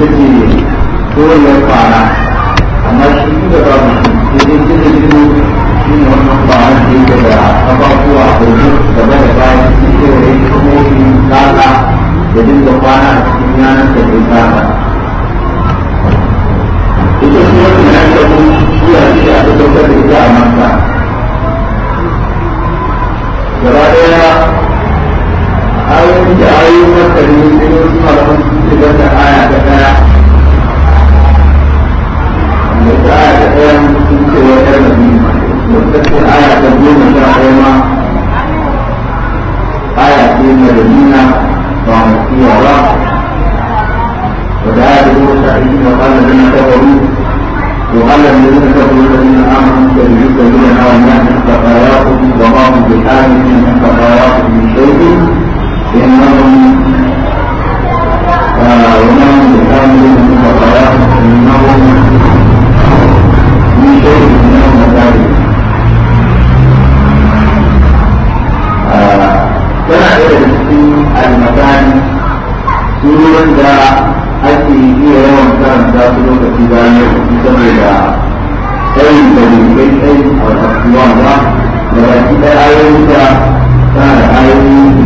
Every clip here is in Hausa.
ita ce koriyar fara amma shi da ba mu sai dai ita ce shi ne wannan fara da yake da kafafuwa a wajen gaba da bayan shi ke da yake kamofi tsaka da dinga kwana a cikin yanar da ke tsaka. Ita shi wannan ya ce mun shi a shi a ɗaukar da ita a masa. Gaba ɗaya أو يجعلون التلميذ يصبرهم صفة عادة وتعالى أيام كنت وكلمة وتكفي آية تبين شرعهما آية في المدينة وعمسي وراء ودعا بقوة سعيد وقال الذين كفروا وقال الذين كفروا الذين آمنوا سيجد الذين آمنوا من خطاياكم وما هم بحال من خطاياكم شيء إنهم ومن يتعلم الفقراء إنهم من شيء من المدارس tana ɗaya da cikin almadani sururan da ake iya yawan karanta su lokaci bayan lokaci saboda tsayin da bai kai tsayin a wasu ba da baki ɗaya ayoyin da tana da ayoyin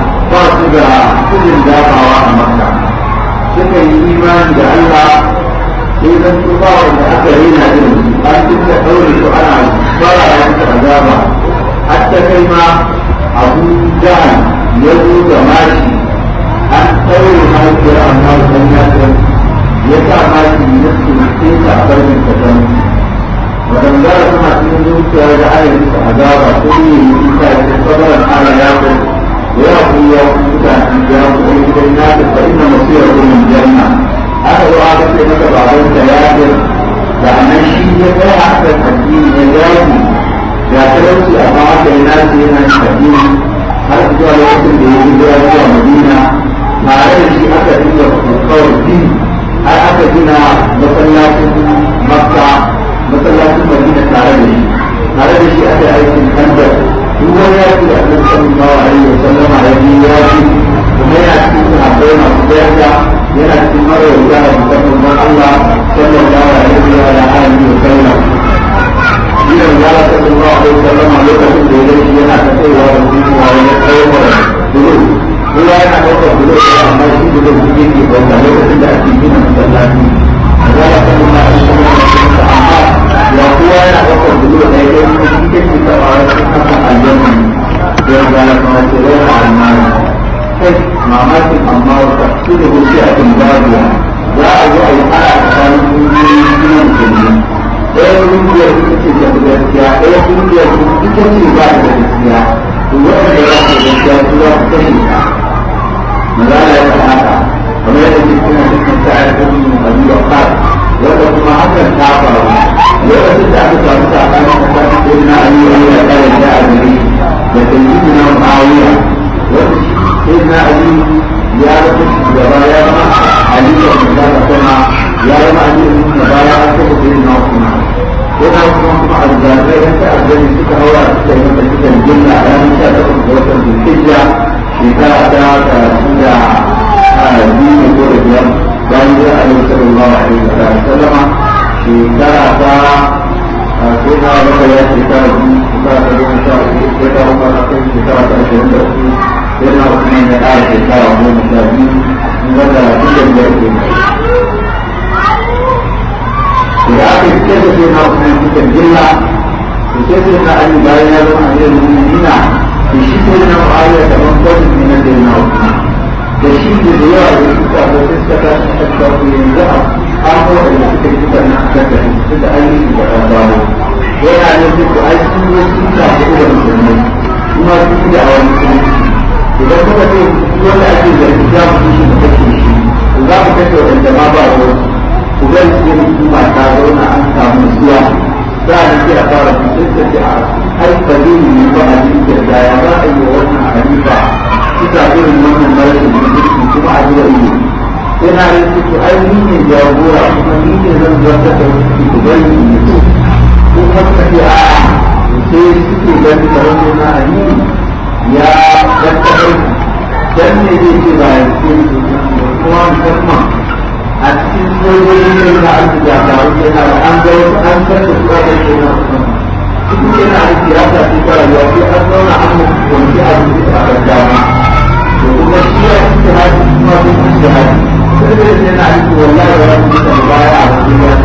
ba su da kudin dafawa a makka suka yi imani da allah sai zan tuba wanda aka yi na irin an tun da ɗaure su ana fara yin yanka azaba har ta kai ma abu jahal ya zo da mashi an ɗaure mahaifiyar amma wajen yakin ya sa mashi ya sulke ta a barin ta kan wadanda suna cikin zuciyar da ayyukan azaba ko ne yi isa da tsabarar ana yakin ويعطي يوم الجنة الجنات فإن مصيره من الجنة هذا هو هذا في مثل بعض الكبائر لأن الشيء لا أحد الحكيم يجاوب لا تلوثي أطاعة الناس من الحكيم هل تقول لوقت بيجي إلى مدينة ما عليه شيء أتى إلا القول فيه هل أتى بنا مسلات مكة مسلات مدينة عليه عليه شيء أتى أيضا خندق kuma ya ce da annabi sallallahu alaihi wa sallama ya yi ya ce kuma ya ce da abai masu daraja yana cikin marar da musamman ma Allah sallallahu alaihi wa yi wa sallam idan ya ta sallallahu alaihi wa sallama lokacin da ya yi yana ta tsayawa da kuma wani tsayawar dole kowa yana ɗaukar dole amma shi dole shi ke ɗauka lokacin da ake gina masallaci a zara sallallahu alaihi wa sallam ba kowa yana ɗaukar da zuwa ɗaya ɗaya kuma shi ke ta ba wani kasan aljanna da ya gana kuma ce zai ta almara sai mamakin amma wata su da gudu a kan babuwa za a zo a yi ana tsakanin kungiyoyin sunan jirgin ɗaya kungiyar ita ce ta gaskiya ɗaya kungiyar ita ce ba da gaskiya to wanda ya ta gaskiya su za ta da wanda kuma hakan ta faru lokacin da aka samu sakamakon kasar ko na aliyu ya kare da azumi da tanjibu na ma'awiya wanda ko na aliyu ya rasu shugaba ya zama aliyu da mutane kuma ya zama aliyu da shugaba ya rasu da kuma na kuma ko na kuma kuma alzarai ta azumi a haura suka yi masa cikin jinna a cikin sha takwas ga watan zulhijja shekara ta talatin da biyu ko da biyar bayan da annabi sallallahu alaihi wa sallama shekara ta sai na wata ya shekara biyu shekara ta goma sha uku sai ta wata na kai shekara ta ashirin da uku sai na wata ne ya shekara goma sha biyu in ga talatin da biyar ke da aka fitar da sai na wata ne cikin jilla to sai sai na ali bayan ya zama a zai mummina to shi sai na wata ya zama ne na sai na wata da shi da da yawa da suka da sai suka a tattara ku yanzu a abuwa da suka yi suka na aka da su da an yi su da ɗan babu yana ne su ku ai su ne su ka da irin kuma su su da a wani musulmi idan ce wanda ake zargi za mu tushe da kake shi za mu kashe wadanda ma ba ruwansu ku zai ce hukuma ta zauna an samu zuwa za a nake a fara fitar da a haifari ne ba a jirgin da ya za a yi wannan halifa suka irin wannan marasa mutunci kuma a zuwa iya yana yin suke ai ni ne jagora kuma ni ne zan zarta da wasu ku bari in yi so ko kuma ce a sai suke ganin kamar yana amini ya zarta da dan ne zai ce ba ya ce kuma musamman a cikin sojojin da yana aiki da faru yana da an zai an zarta su ba da ke na musamman duk yana aiki ya ce ta rayuwa sai an zauna an mutu kwanci a cikin dama ba annabawa ba ba malaki ba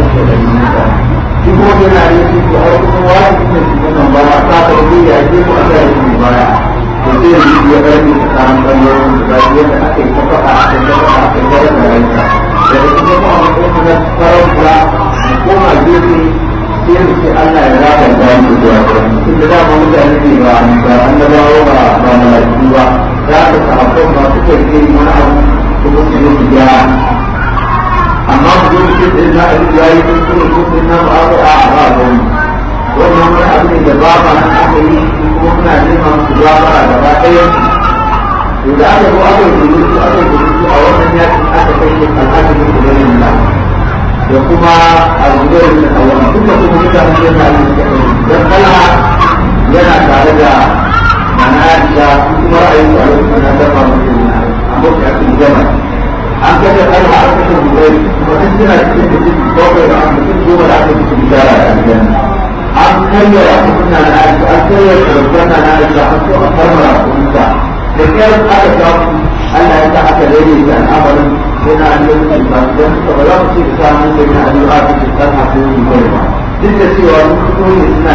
za ka samu ba su kai wani abu kuma su yi gyara amma ku zo cikin za a yi yayi kun kuma ko kun na ba a a ba a gani wannan wani abu da ba ma nan aka yi kuma muna nema musu a gaba ɗaya da aka zo aka yi rubutu aka yi rubutu a wannan yakin aka kai shi alhaji ne da ganin nan da kuma alhujar da hawan duka kuma mutane da na yi da kala yana tare da mana da kuma ra'ayin da alhujar na dafa mutum na kuma ya an kaje a a fara kuma da kiyar aka ta aka rede da amalin yana an yi da ba dan ka ba za ku ci da yana da ba cikin kan ha ko ni ko ba cewa mun ko ne suna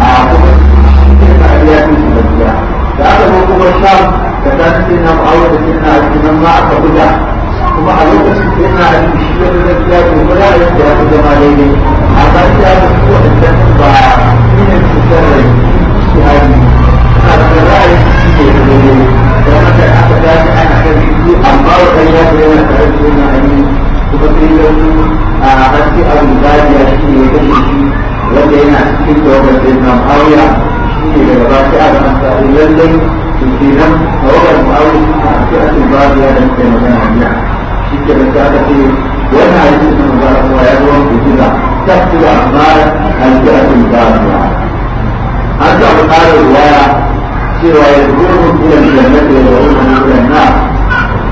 a kuma ya ta ya da ta su na ma'awar da ke na ake nan ma aka buga kuma a lokacin da yana da shi da gaskiya ko kuma ya da ya zama daidai a ba shi ya mutu wadannan ba shi ne su sarrai shi hari a da ra'ayin su shi ne da daidai da wanda aka dace ana kan su amma wadanda ya zama da tare da yana hanyar kuma sai da su a haske a rubariya shi ne ya kashe shi wanda yana cikin tawagar da na ma'awar shi ne daga ba shi a da masarai lallai idan tawagar ma'aru a cikin babu ya da muke magana biya shi ke da ta ce wani hadisi sun zara kuma ya zuwa kujiza ta fi da amma a cikin babu ya an samu ƙarin ruwaya cewa ya zuwa mutum da na ke da wani mutum na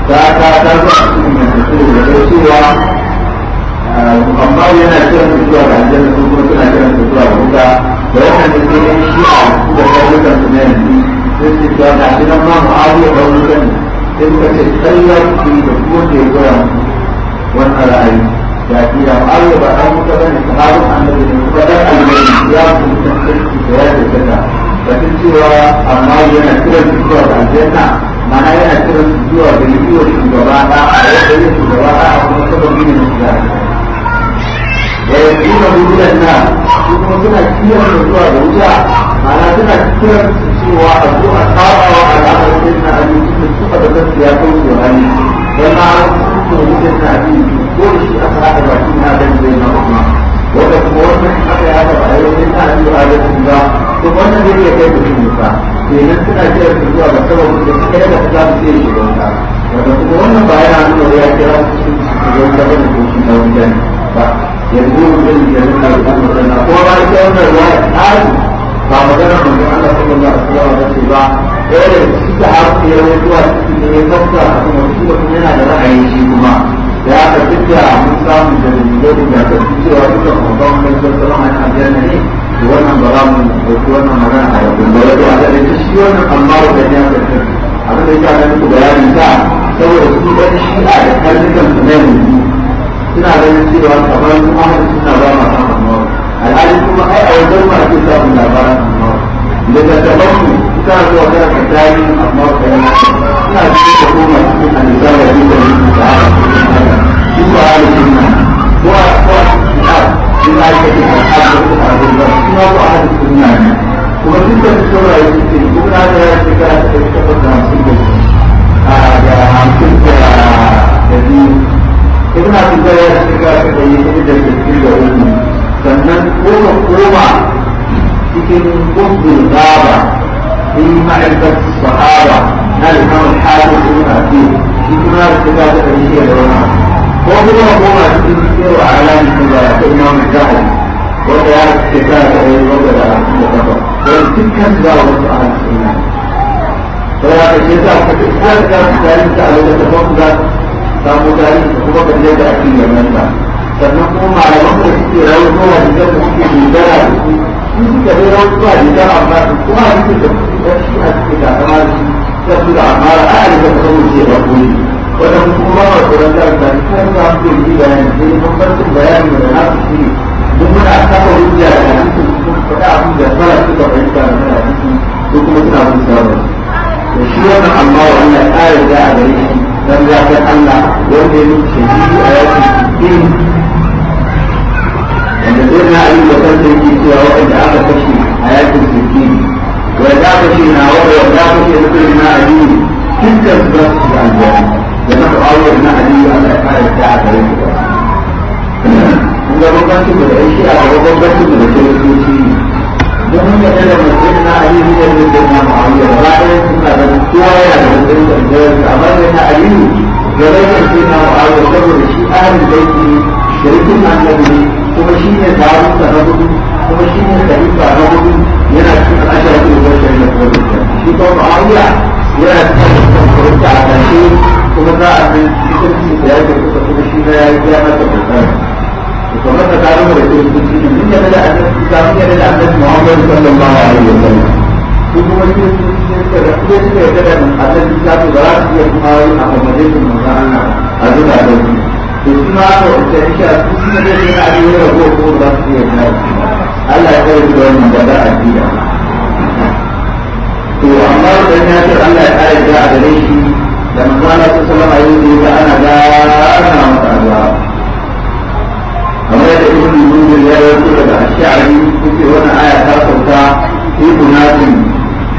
ta ta ta zuwa cikin mutum da ta cewa ah, amma yana kiran su zuwa ga aljanna su kuma suna kiran su zuwa wuta da wannan da ke shi a da su na yanzu sai su ga shi nan ma mu'awiya ba wani sani sai suka ce tsallar ku da kuma ke goya wannan ra'ayi ya ce ya mu'awiya ba an mutu ba ne sahabin annabi ne kuma dan aljanna ya kuma sarki da ya ke kaka batun cewa amma yana kiran su zuwa ga aljanna ma'ana yana kiran su zuwa ga yiwuwar shugaba da a yadda yin shugaba ɗa a kuma sababi ne na shugaba ويدعونه الى النار ثم سنة كثيرة من الصور الوجاع معناها سنة كثيرة cewa addu'a tsawawa al'adar sai na abin da suka da gaskiya kan tsorani don na kuma mutum na abin ko da shi na dan zai na kuma wanda kuma wannan aka sai na da ba to wannan zai iya kai mutum musa kenan suna kira su zuwa ga sabon da da za su iya shiga wuta wanda kuma wannan ba yana nuna ya kira su su shiga wuta ba da ko shi na wuta ba yanzu da da kuma ba wannan tsari ba magana mun Allah sallallahu alaihi wasallam da ce ba ɗaya da suka haɗu ya zuwa ciki ne ya fafta a kuma shi mutum yana da ra'ayin shi kuma da aka tafiya mun samu da dalilai da ga cewa duka mutum mai sallallahu alaihi wasallam ne to wannan ba za mu ko wannan magana a yau ba da ba da shi wannan amma da ya tafi abin da yake nan ku bayani ta saboda su ɗan shi'a da karnukan su na yanzu suna ganin cewa kamar su amma suna ba ma kan amma alhali kuma ai a wajen ma kuma sannan ko ka koma cikin kumbin gaba في معرفة الصحابة هل كان الحاكم بن أبيه إما ارتكاب أبيه العلماء وفي هو تنكر على يوم الجهل وقيام ارتكاب أبيه وبدا مقرر وتلك الدعوة على السنة فلا تجدها فتحتاج ذلك على تفضل فهو ذلك هو قد يدعى في يمنها فنقوم على مصر كثير هو الذي في البلد كثير أو هو الذي يدعى في wasu a cikin takamari ta su da amara a yi da kuma ce ba kuri wadda kuma ba ku ran da ta kan ta ku yi bayani sai bambancin bayani da na su ne duk muna saba hujja da su kuma faɗa abin da fara suka fahimta da na su ko kuma suna mun saba da shi wannan amma wannan ƙarin da a gare shi dan zafin Allah wanda ya ce shi a yakin din wanda zai na ayyuka da cewa waɗanda aka kashe a yakin sirkini ويدعك فينا وهو يدعك في مثل ما أدين تلك الزبط في الجنة لأنك أول ما أدين أن أفعل الساعة ذلك إذا وقفت بالعيش أو وقفت بالعيش ومن يدل مسجدنا عليه هو مسجدنا معاوية وبعد ذلك هو يعني مسجد الجنة أمرنا عليه وبعد سيدنا معاوية وقبل شيء أهل البيت شريك النبي ومشينا تعالوا تنبض ومشينا خليفة نبض yana cikin ashirin da gwamnati da gwamnati shi kuma ma'awiya yana cikin gwamnati a ƙarshe kuma za a san cikin da ya ke kuma shi na ya yi kiyama da gwamnati kamar da ta rubuta da cikin cikin duk yadda da annabi ta yadda da annabi Muhammad sallallahu alaihi wa sallam su kuma shi su ne da su suka ne da annabi ta to ba za su iya kuma yi a accommodation mun ga Allah a zuwa da su to kuma da wata isha su suka da da abin da ko ko za su iya yi Allah ya kare da wannan gaba a jiya to amma da ya ce Allah ya kare da gare shi da manzala ta sallama yau da ana ga ana masa addu'a kamar yadda ibn Munzir ya rawaito daga Ash'ari yake wannan aya ta sauka a kunatin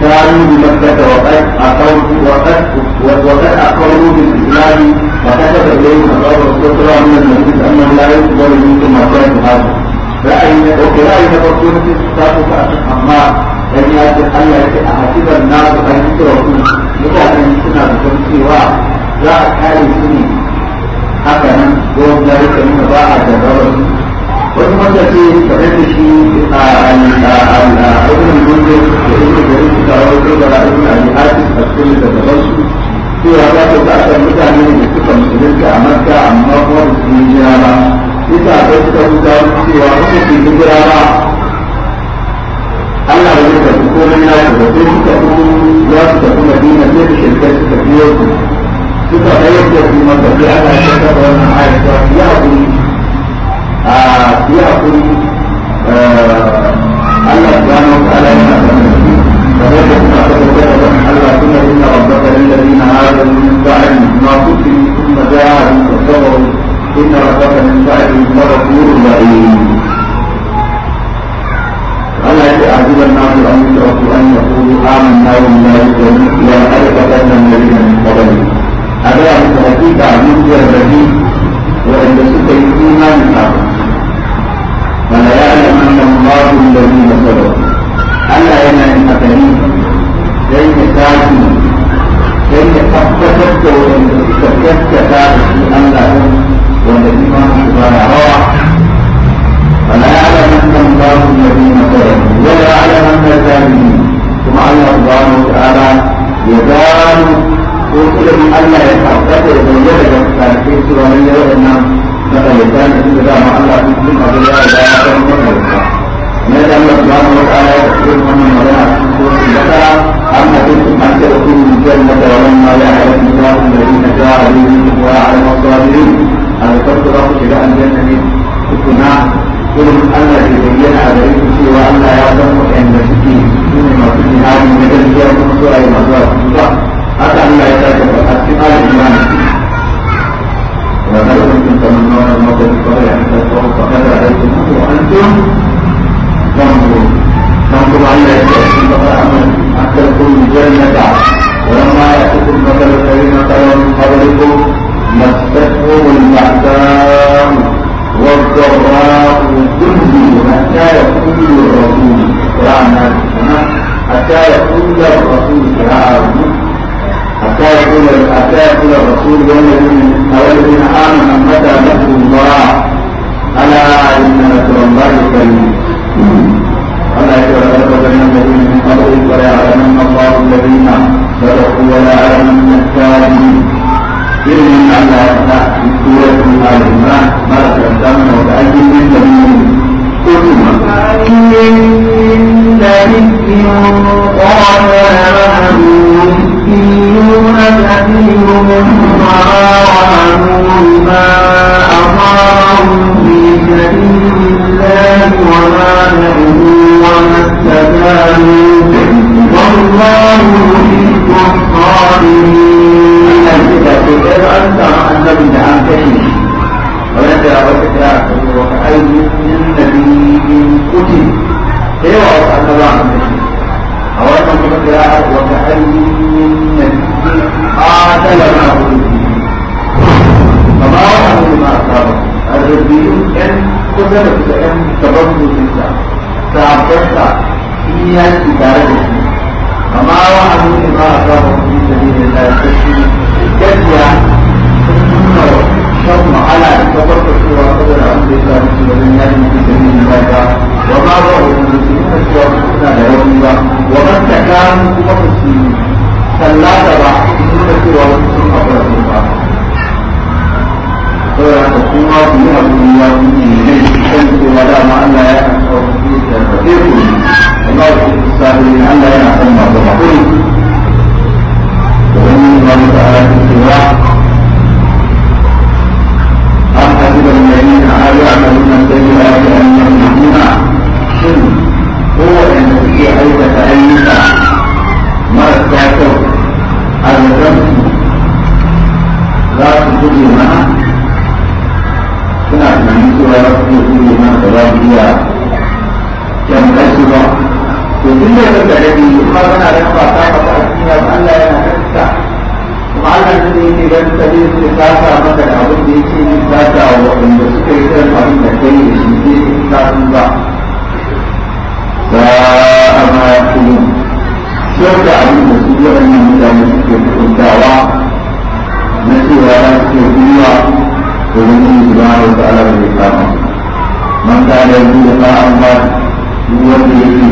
كانوا بمكة ba أقروا da وقد da ba وكتب إليهم الله صلى da عليه وسلم من da أنه da يقبل منكم da كانت هذا ra'ayi na ɗauke ra'ayi na farko na ce ta ku ka amma dan ya ce Allah ya ce a hakiban na su an yi kira ku mutanen suna zaton cewa za a kare su ne haka nan gwamnati ya rika nuna ba a jarraba su wani wanda ce tare da shi a al'adun gundu da yake gari su kawo wajen da ra'ayi na yi artis a cikin da gaban su cewa za ta za a mutane da suka musulunta a makka amma kuma musulun jira ba bisa ga suka rubuta cewa suka ke hijira ba Allah ba zai tafi komai na su ba sai suka fi su tafi madina sai da shirkai suka biyo su suka ɗaya su maka sai ana shaka da ya haƙuri a ah, ya haƙuri eh, Allah subhanahu wa ta'ala yana da mutum kamar da suna ta ɗauka da wannan Allah suna yin rabbaka lillazina hadu min ba'di ma kutibu thumma ja'alu wa إن ربك من بعده لغفور رحيم ألا يعجب الناس أن يتركوا أن يقولوا آمنا بالله ومثله قد فتنا الذين من قبلهم ألا يتركوا تعبيد الذي وإن سكت إيمان آخر فلا يعلم أن الله الذين صبروا ألا ينام أكريم لن يساعدوا لن يتفتت ولن يتفتت الله الذين ظلموا وليعلمن الكاذبين ثم الله سبحانه وتعالى يزال وكل من الله يتحقق يتبين لك فكيف ومن يرى ان مثل الانسان يجد مع الله في كل قضيه لا يعلم ماذا الله سبحانه وتعالى يقول من ولا سوره البقره اما كنتم ان تدخلوا الجنه ولما يعلم الله الذين جاهدوا منكم ويعلم الصابرين هذا فصل رب شجاع الجنه كنا irin Allah ke bayyana a gare cewa Allah ya san waɗanda suke su ne masu jihadi na gaskiya kuma su ayi masu wasu ba haka Allah ya sake ba a cikin halin imani وهل كنتم تمنون الموت بقبل ان تلقوه فقد رايتموه وانتم تنظرون تنظر الا ياتيكم فقد اكلتم الجنه ولما ياتكم مثل الذين خلوا من قبلكم مستهم البعثاء والضراء كله حتى يقول الرسول قراءة حتى يقول الرسول قراءة حتى يقول حتى يقول الرسول والذين والذين آمنوا متى نصر الله ألا إن نصر الله قريب ألا يتوفى الذين من قبل ولا يعلمن الله الذين صدقوا ولا يعلمن الكاذبين أن الله تعالى في سورة آل عمران ما تقدم وتأتي من سبيل ثم من نبي قال له مسكيون كثير وراءه ما أضاع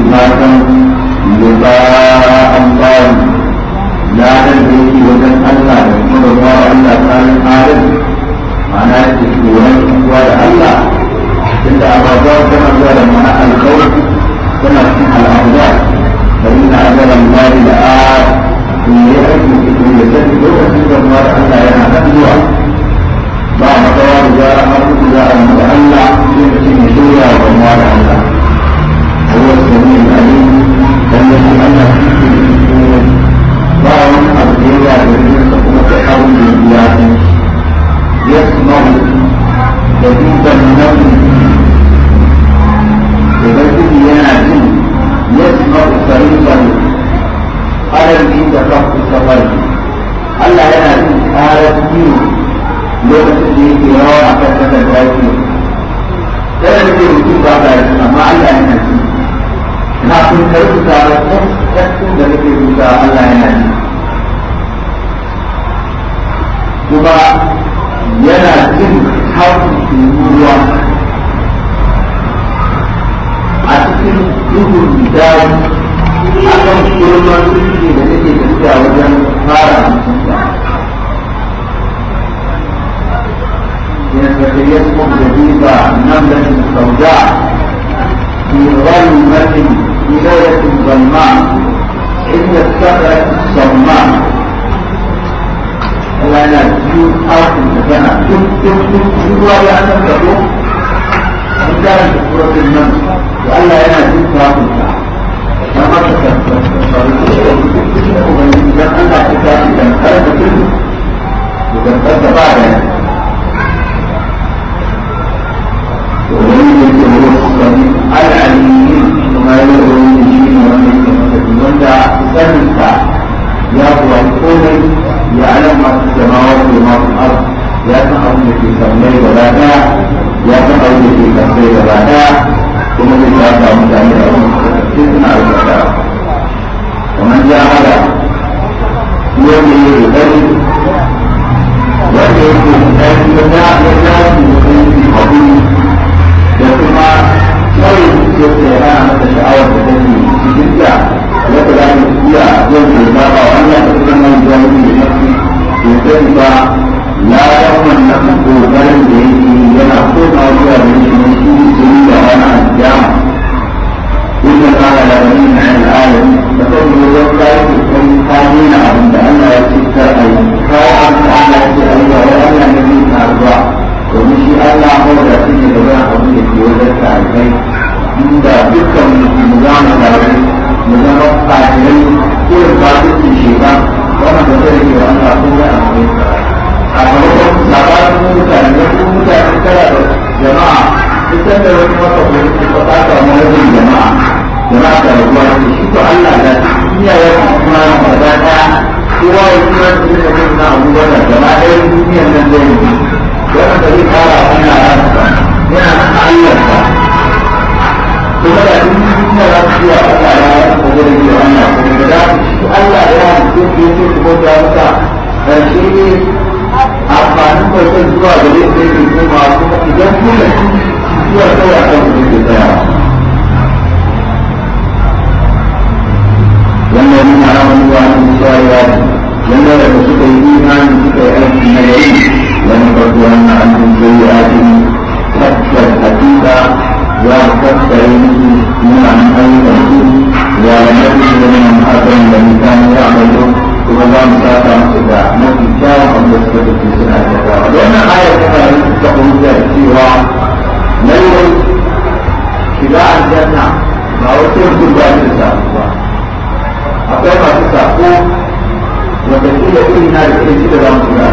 matan liba amfani ladan da yake wajen Allah da kuma da ba Allah tsarin halin ma'ana ce tsoron kuwa da Allah tunda ababuwa tana zuwa da ma'ana alkawar tana cikin al'amuwa da yin azar Allah da a kuma ya ake cikin da sani lokacin da ruwa da Allah yana nan zuwa ba a matsawa a kuku za Allah zai da cikin shirya هو السميع العليم الذي أنا فيه الأمور ضاع أرضية بالرزق وتحول الزيادة يسمع لبيب النوم وبدل ينادي يسمع طريقا ألم عند فقد سفر الله ينادي آلة دين lokacin da yake rawa a kan kasar da yake. Tsarar da yake ba ta amma Allah yana cikin Makin baik kita dapat satu dari kebutuhan layanan Cuma yana jin hauki ruwa a cikin duhun dawo akan kurman suke da nake tafiya wajen fara mutunta يتكيفكم جديد نملة سوداء في ظلمة ولاية ظلماء إلا السفرة الصماء وأنا أجيب آخر مكانة شوف شوف شوف شوف رأي أنا تقول إن كانت سورة المنزل وقال لها أنا أجيب آخر مكانة فما تكتب ومن يجب أن أحكام كان خلق كله وكان خلق بعدها ومن يجب أن يحكم العليم bayan da wani shi ne wanda yake mutane wanda saninsa ya kuwa komai ya alama masu jama'a da masu abu ya san abin da ke sammai da ya san abin da ke sammai da daya kuma zai ya sa mutane da abin da ke suna aikata kamar ya hada wanda ya yi ɗari wanda ya ke ɗari ya ja ya ja da kuma kawai yadda ya hana masa sha'awar da take cikin ta wata ta iya yau da ya zaɓa wannan da kuma mai zuwa yi da nafi ya sani ba la yawan na kokarin da yake yana koma zuwa da shi ne shi ke yi da wani alƙiyama inda kala da wani na al'adun da yi wajen kayan kusan kayan na abin da Allah ya ce kar a yi kayan da Allah ya ce a yi ba wai Allah ne zai karuwa domin shi Allah mawada shi ne da wani abu da ke wajen sa alkai inda dukkan mu za mu rayu mu zama kafirai ko da kafirci shi ba wannan da zai rage wani kafin ya amfani a maimakon labarin mutane da kuma mutane tara da jama'a ita da wani masa kuma ta fata ma jama'a jama'a ta rabuwa da shi ko Allah da iyayen kuma na maza ta kowa ya kuma su ne da kuma abubuwa da jama'a ɗaya duniyar nan zai yi wannan da zai fara wannan yana nan Allah kuma da duk da za su iya Allah ya yi da yi wannan kuma da su Allah ya yi su ke ce su bauta masa dan shi ne amfanin bautar zuwa da zai sai su kuma kuma idan kuma zuwa tsaya kan su ke tsaya wannan yana ramin wani shayarwa wanda da suka yi imani suka yi aiki na gari wani farko wannan an zai yi aiki tabbas hakika za mu tattare musu munanan ayyukan su zalimai su zama na ma'azan da mutane ya bayo kuma za mu sata musu da mafi kyawun abin da suka tafi suna aikatawa wannan ayar tana yin ta hujja cewa lallai shiga aljanna ba wasu mutum ba ne da sako ba akwai masu sako wanda kila irin na da ke shi da za mu shiga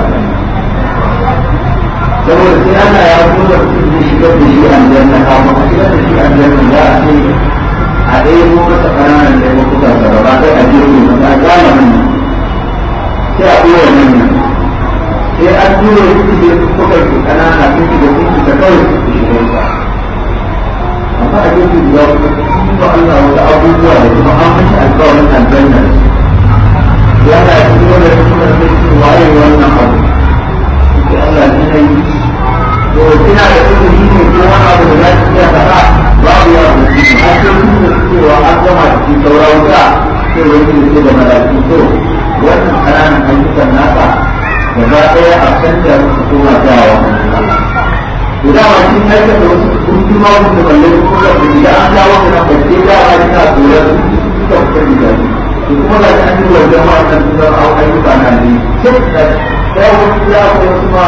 saboda sai ana ya kuma da shigar da shi an na kama a shigar da shi an janna za a ce a ɗaya ko masa ƙananan da ya kuka sarra ba sai a jirgin masa a kama nan sai a ɗora nan nan sai an tura su da kuka su na su shiga su shiga kawai su shiga ba amma a jirgin guda ba Allah wata abubuwa da kuma an mashi alƙawarin aljanna ya da shi wanda ya kuka sai waye abu Allah ya yi to kina da kudi ne ko wani abu da zaki iya faɗa babu ya rubuci har sai kun da cewa an gama shi sauran ka sai wani ne da malaki to wannan ƙananan ayyukan naka ba ɗaya a canja musu koma tsayawa to dama shi da wasu kuntun ma wasu da balle ko da kudi da an dawo da nan balle da ba ta tsoro suka fita da shi kuma da an yi jama'a kan tsoron ayyuka na ne sai da ya wasu ya wasu ma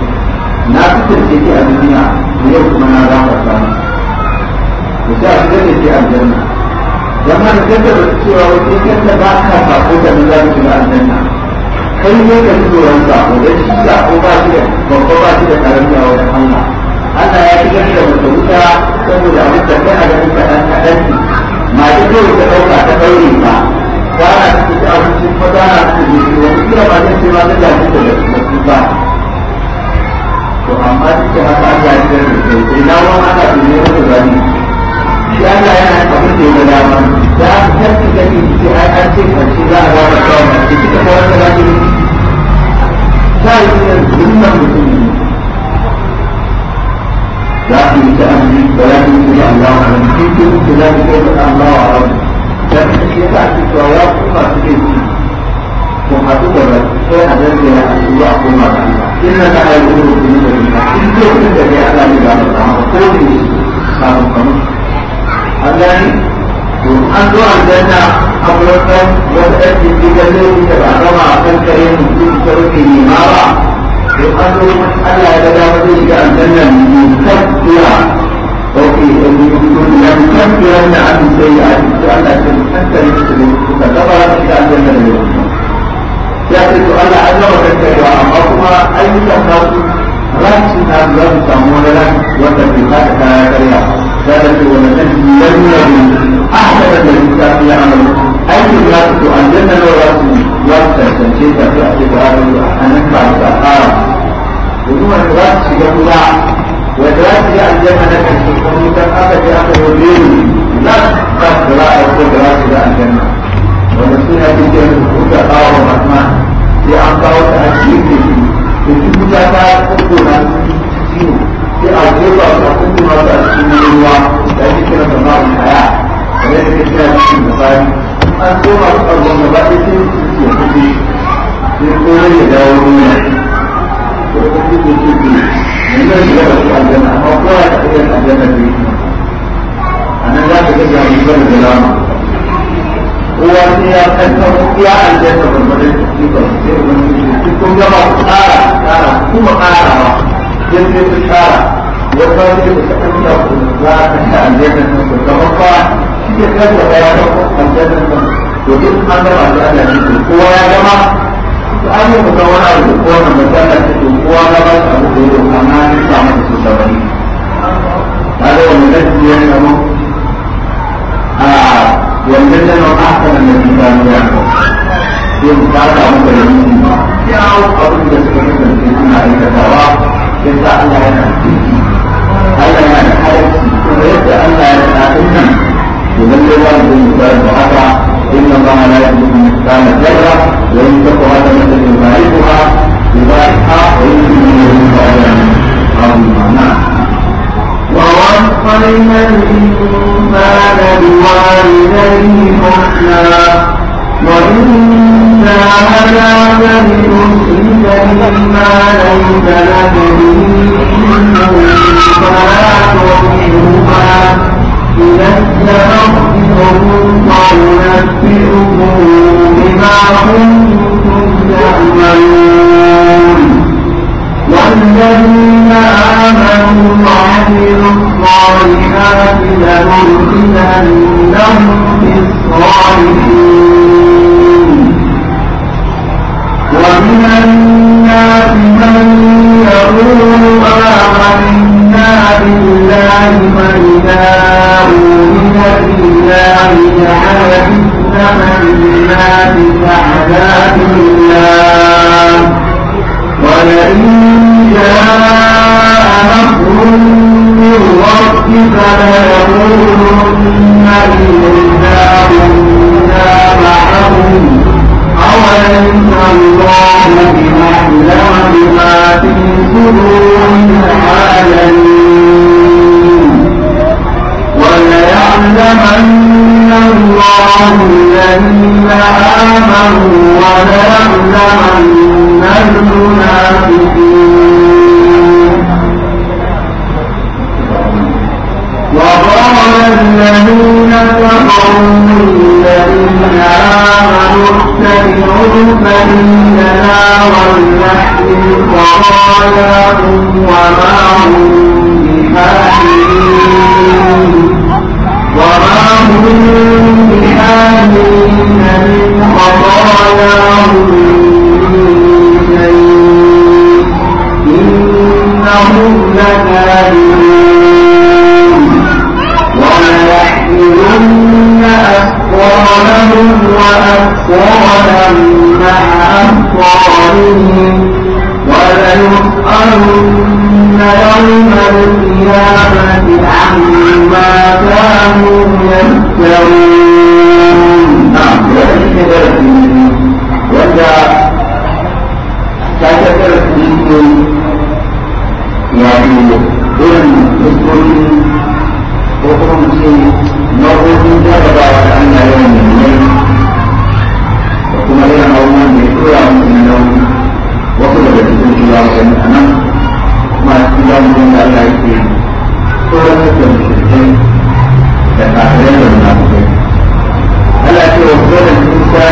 na fi kasance ke a duniya da yau kuma na za ka samu da sai a fitar da ke aljanna zama da kanta da cewa wajen kanta ba ka sako da na za ka shiga aljanna kai ne ka ji tsoron sako da shi sako ba shi da babba ba shi da karamiya wajen Allah Allah ya fi fitar da nama uwa sai ya kankan ya aljanna barbarin ikon sai ubangiji duk kun gama ku ƙara ƙara kuma ƙarawa sai sai ku ƙara wata wani da ka ɗauka ku za a kanta aljanna nan ku gama fa shi ke kanta ya ɗauka aljanna nan to duk an gama aljanna nan kowa ya gama to an yi kuka wani abu ko wani matsala ta to kowa gama ta abu da yau amma an samu da su sabani. Kaga wani gaskiya ne kamar والبدن أحسن الذي كانوا da sai mu fara muku da mutum ba ya hau da suka kasance suna aikatawa ya sa Allah yana ciki Allah yana da halarci a yadda Allah ya faɗa nan to da ba mu yi ba da haka inna ma la yuzu misala zarra wa in taqa hada mithlu ma yuha yuha wa in yuzu ma amma na ووصينا الإنسان بوالديه حسنا وإن جاهداك لتشركهما ليس لك به فلا تطعهما إلي ربكم فأنبئكم بما كنتم تعملون والذين آمنوا وعملوا الصالحات لنرسلنهم في الصالحين ومن الناس من يقول آمنا بالله فإذا أؤمن بالله جعل فتنة الناس كعذاب الله ولئن جاء نصر رب فلا يقولن إنا كنا معهم أوليس الله بأعلم بما في صدور العالمين وليعلمن الله الذين آمنوا وليعلمن المنافقين الذين كفروا للذين آمنوا اتبعوا سبيلنا ولنحمل خطاياهم وما هم بحاملين وما هم بحاملين من خطاياهم إنهم لكاذبون أبصارهم وأبصارا مع أبصارهم وليسألن يوم القيامة عما كانوا يفترون نعم ذلك درس وإذا تذكرت منكم يعني إن مثل وقوم شيء نظر من ذلك yawan mummunai da kuma irin abubuwan da ya tura musu na nauyi wasu daga cikin shi ya wani a nan masu yawan da Allah yake tsoron da mushrikai da kafirai da munafikai Allah ce wa tsoron Isa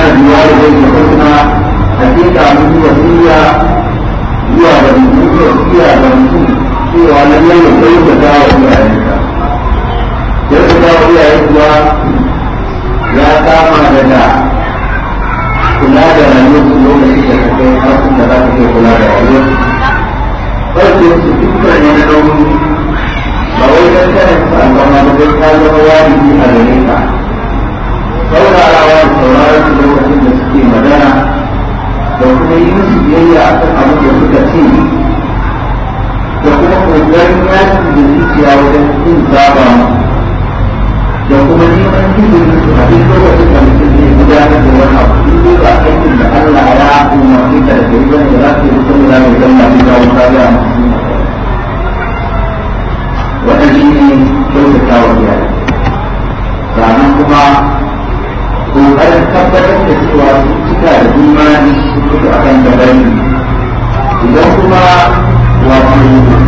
da biyar da yake hukuma hakika mun wasiya zuwa ga mutum wasiya ga mutum cewa lallai ya kai da dawo iyayensa. Ya kai dawo iyayensa ya kama daga kula da rayuwar su lokacin da ka kai harsun da za ka kai kula da rayuwar su farko su dukkan ne na nauyi ba wai kan kanin sa ba ma da ta zama wajibi a gare ka saurarawa da sauraron su lokacin da suke magana da kuma yi musu biyayya a kan abin da suka ce da kuma ƙoƙarin yakin da zuciya wajen yin zaba musu da kuma neman izinin su a duk lokacin da mutum zai gudanar da wani abu in dai ba aikin da Allah ya umarci ka da kai bane za ka yi saboda mai dan ba zai dawo ka ga wannan shi ne kyautata wa iyali sannan kuma kokarin tabbatar da cewa cika da imani su akan da bani idan kuma wato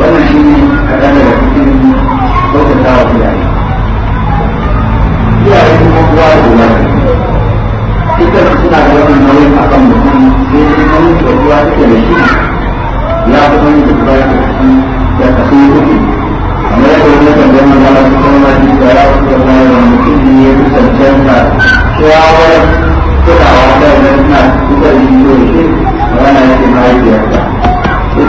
wannan shi ne kaɗan daga cikin kyautata wa iyaye iyaye kuma kowa da kula da ita suna da wannan nauyin a kan mutum sai dai nauyin da kowa take da shi ya fi nauyin da kowa take da shi da kaso kamar yadda wani tambayar mana wani kuma ma ji da ya fi kuma da mutum ne ya fi cancanta shawarar kulawa da yana kusa da shi yau da shi a yake mahaifiyarsa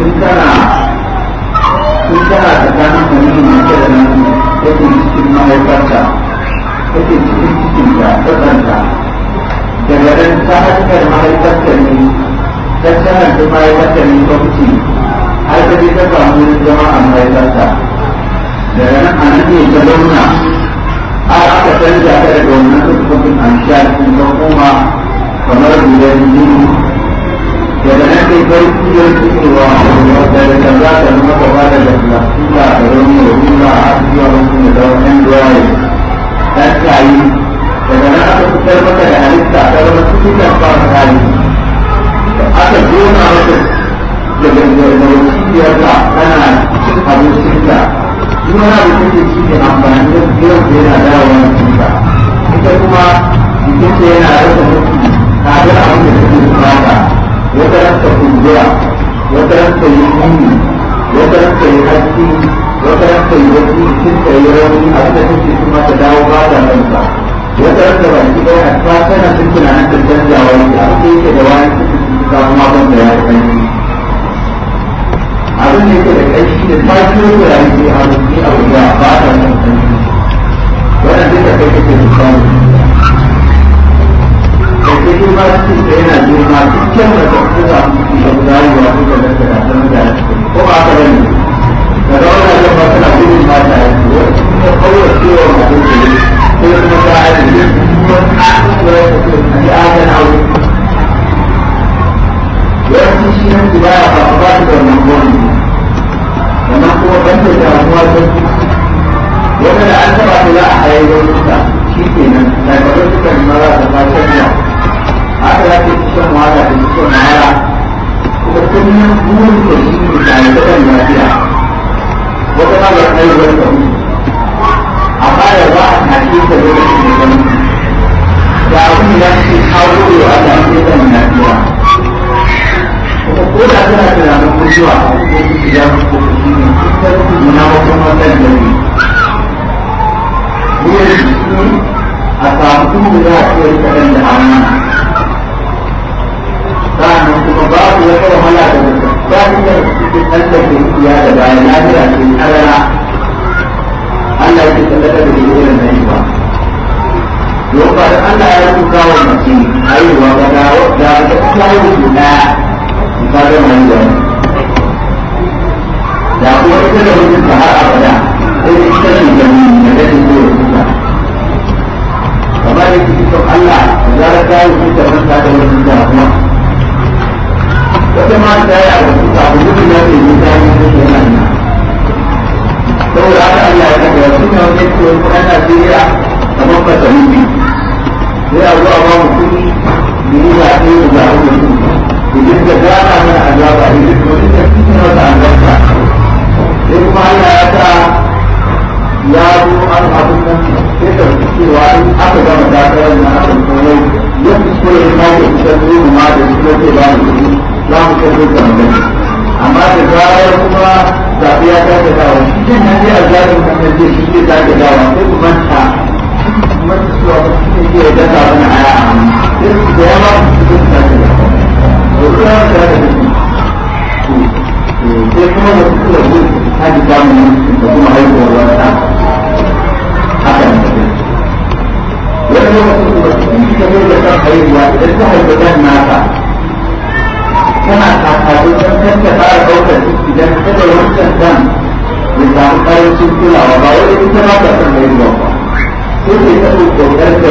in kana in kana tsakanin maniyin mace da nan yake cikin mahaifarta yake cikin cikinta tsatsanta daga nan ta hanyar mahaifarta ne ta sanar da mahaifarta ne kwamci har ta je ta samu zama a mahaifarta daga nan a nan ne ta zauna har aka canza ta daga wannan a an sha cikin kuma kamar gudan jini daga nan sai farki ya ci cewa daga kaza da maka ba da lafiya da wani mai rura a cikin wani da wani da ta tsayi daga nan aka fitar maka da halitta ta wani cikin da da hali aka zona maka daga gargarciyarka kana cin abincinka duk wani abu kake ci da amfani da biyar da yana dawowa cikinka ita kuma jikinta yana rasa mutu kafin abin da kake bukata wata ranta kungiya wata ranta yi muni wata ranta yi haske wata ranta yi wasu cikin tsayi rauni a wata take kuma ta dawo ba da ranta wata ranta ba ki ɗaya a ta tana cin tunanin ta canza wani a wata yake da wani cikin samun makon da ya yi abin da yake da ƙarfi da tasirin da ya yi a wani abu da ba ta ranta wannan duka kai kake da kawai da kuma su da yana nuna dukkan da su da su da zarewa su da da da san da ko ba ka bane da wannan da ba kana gudun ba ta yi ko da kawai da ma ko ne ko kuma ta yi da ta ko ta ji ajan hawo yawanci shi ne da ba ba ba da wannan wannan kuma ban da damuwa ta wannan da an taba da a haye da shi kenan da ba ta kuma ma za sau naira kuma kullum burin da shi ne ɗaliban lafiya wata ba ya kai wani da mu a baya ba a tafi da lokacin da wani da abin da ke kawo da a ɗaliban lafiya kuma ko da tana tunanin gujewa a cikin gidan ko kuma kusan muna wata wannan da ne burin a samu kuma za a iya sa'annan kuma babu wata wahala da mutum ba ni da cikin Allah ke da bayan lafiya ke alala Allah ke tsallaka da gudunar na yi ba lokacin Allah ya rubuta wa mace haihuwa ga da wata ta yi rubutu daya ta zama yi wani da kuma ita da mutum ta har abada ko ita ne da mutum da ta ko rubuta kamar yadda cikin Allah zara ta yi rubuta wani ta da wani da kuma wata ma ta yi abu ta abu duk da ke yi ta yi ta nan saboda haka Allah ya kaga wasu ne wani ke wani kuɗin Najeriya kamar fasali biyu sai a zuwa ba mutum biyu ba ɗaya da zaɓi mutum idan da gana mana azaba idan da wani da cikin wata azaba sai kuma Allah ya sa ya zo an abin nan sai ka cewa in aka gama dakarar na abin kawai yadda kuma ya kawo kusan zuwa ma da suka ce ba kuni. za mu kai da magana amma da zarar kuma zaɓi ya sake dawa shi ne na a zaɓin kan ce shi ne sake dawa sai ku manta manta suwa ba shi ne ke da zaɓi na aya a hannu sai su da yawa su su sake dawa to kuma ya sake dawa sai kuma da su da su sake samun mutum da kuma haihuwar wani ɗan haka ne wani lokacin da su da su da ta haihuwa da ta haihuwa ɗan nasa tana kakadu don kanta a ɗaukar ciki don kada wancan dan ya samu ƙarancin kulawa ba wani ita ma san ba sai ke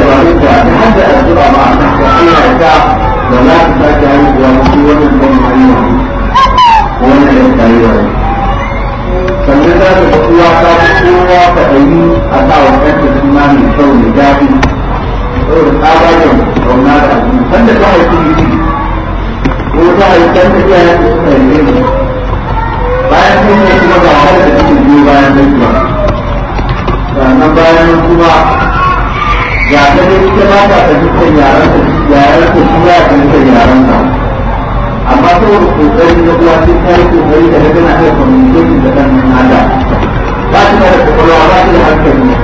da ta hada addu'a ma a kan Allah ya sa ba za ta ko ne sannan za ta kowa ta kowa ɗari a sa wa kanta suna mai kyau mai daɗi saboda ƙauna da abin sanda ta ko ta halittar ta iyayen da suka yi ne bayan sun ne kuma ga wahala da suke biyu bayan mutuwa sannan bayan kuma ga ta ne ita ba ta fahimtar yaran ta yaran ta shi ya fahimtar yaran ta amma saboda kokarin na uwa sai ta kokari da daga na iya communication da kan nan hada ba ta da kwakwalwa ba ta da hankali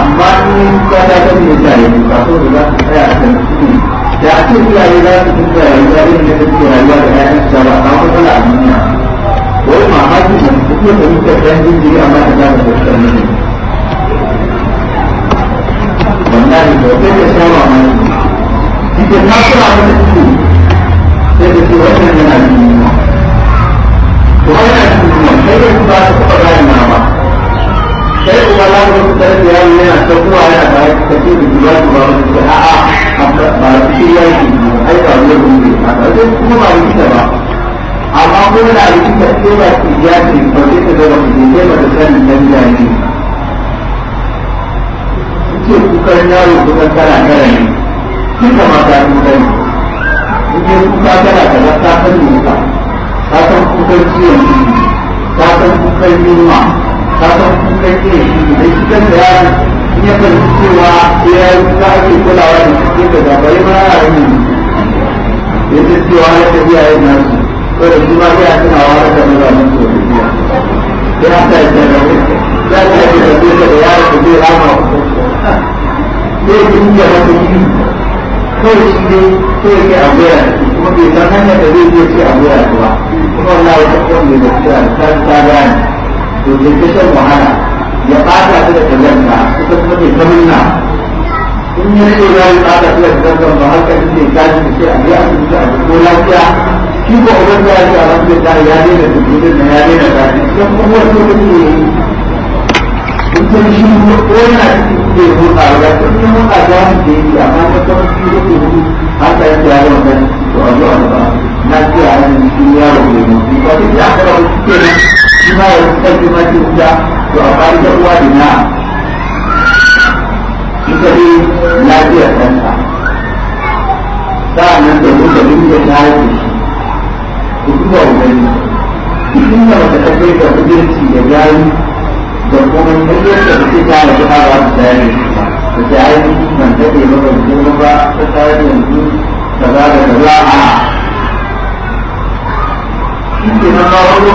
amma in ka ta ta ne ta yi ba saboda za ta tsaya a kan cikin da a cikin iyaye za su kuka rayuwa irin da suke rayuwa da ƴaƴan su ba a kuma kala a duniya wani mamaki ne da kuma da muka ɗan jinjiri da za kuka ne wallahi da wata ta sha mamaki ita ta kula a wata ciki sai da ce wannan yana duniya to wannan duniya sai da ba su taɓa gane ba sai kuma za mu su tare ya yaro yana ta kuma yana da ya tafi da gida su ba su ce a'a ba su shi ya yi ai ba ruwa ruwa ne a ƙarfi kuma ba mu kita ba amma kuma da abin ta ke ba su ya ce ba zai ta zama su ne ba da sanin dan jari ce kukan yaro kusan tara tara ne ma mata sun sani kuke kuka tara tara ta san nuka ta san kukan ciwon ciki ta san kukan yunwa ka san ke iya shi da kitan da yaro in ya san cewa ya yi kuka ake kulawa da shi da gabari ma yana yin ya ce cewa ya ce iya yin nasu saboda shi ma ya tuna wa da kan da musu da biya ya ta yi da rauni ya ta yi da biya da yaro da zai rama ne kun yi da yi kawai shi ne ko yake a goya kuma bai san hanyar da zai je ce a kuma wannan wata kwanne da ta ta gane to ya ta shan wahala ya ɓata ta da kallonta ita kuma ke ta munna in ya ce ya yi ɓata ta da kallon ba haka ta ce ta ji ce a yi asibiti a ko lafiya shi ko abin ya ce a wanda ta ya daina dubutun na ya daina ta ji ita kuma wani lokaci ne in ta shi ko yana cikin ke hulɗa ya ta kuma hulɗa ta yi da yi amma ta kuma shi ko ke hulɗa har ta yi ta yi wannan to a zo a ba na ce a nan shi yaro ne ba ta ce a kara wasu shi ma ya kusa shi ma kusa to a da uwa da na ita ne lafiyar ɗanta nan da duka da tare da shi ku duba wani cikin da mata ta kai da kudirci da yayi da kuma kudirci da suke tare da ba su da shi ba da ta yi ban daɗe ba ban ba ta tare da yanzu kaza da kaza a shi ke nan ba wani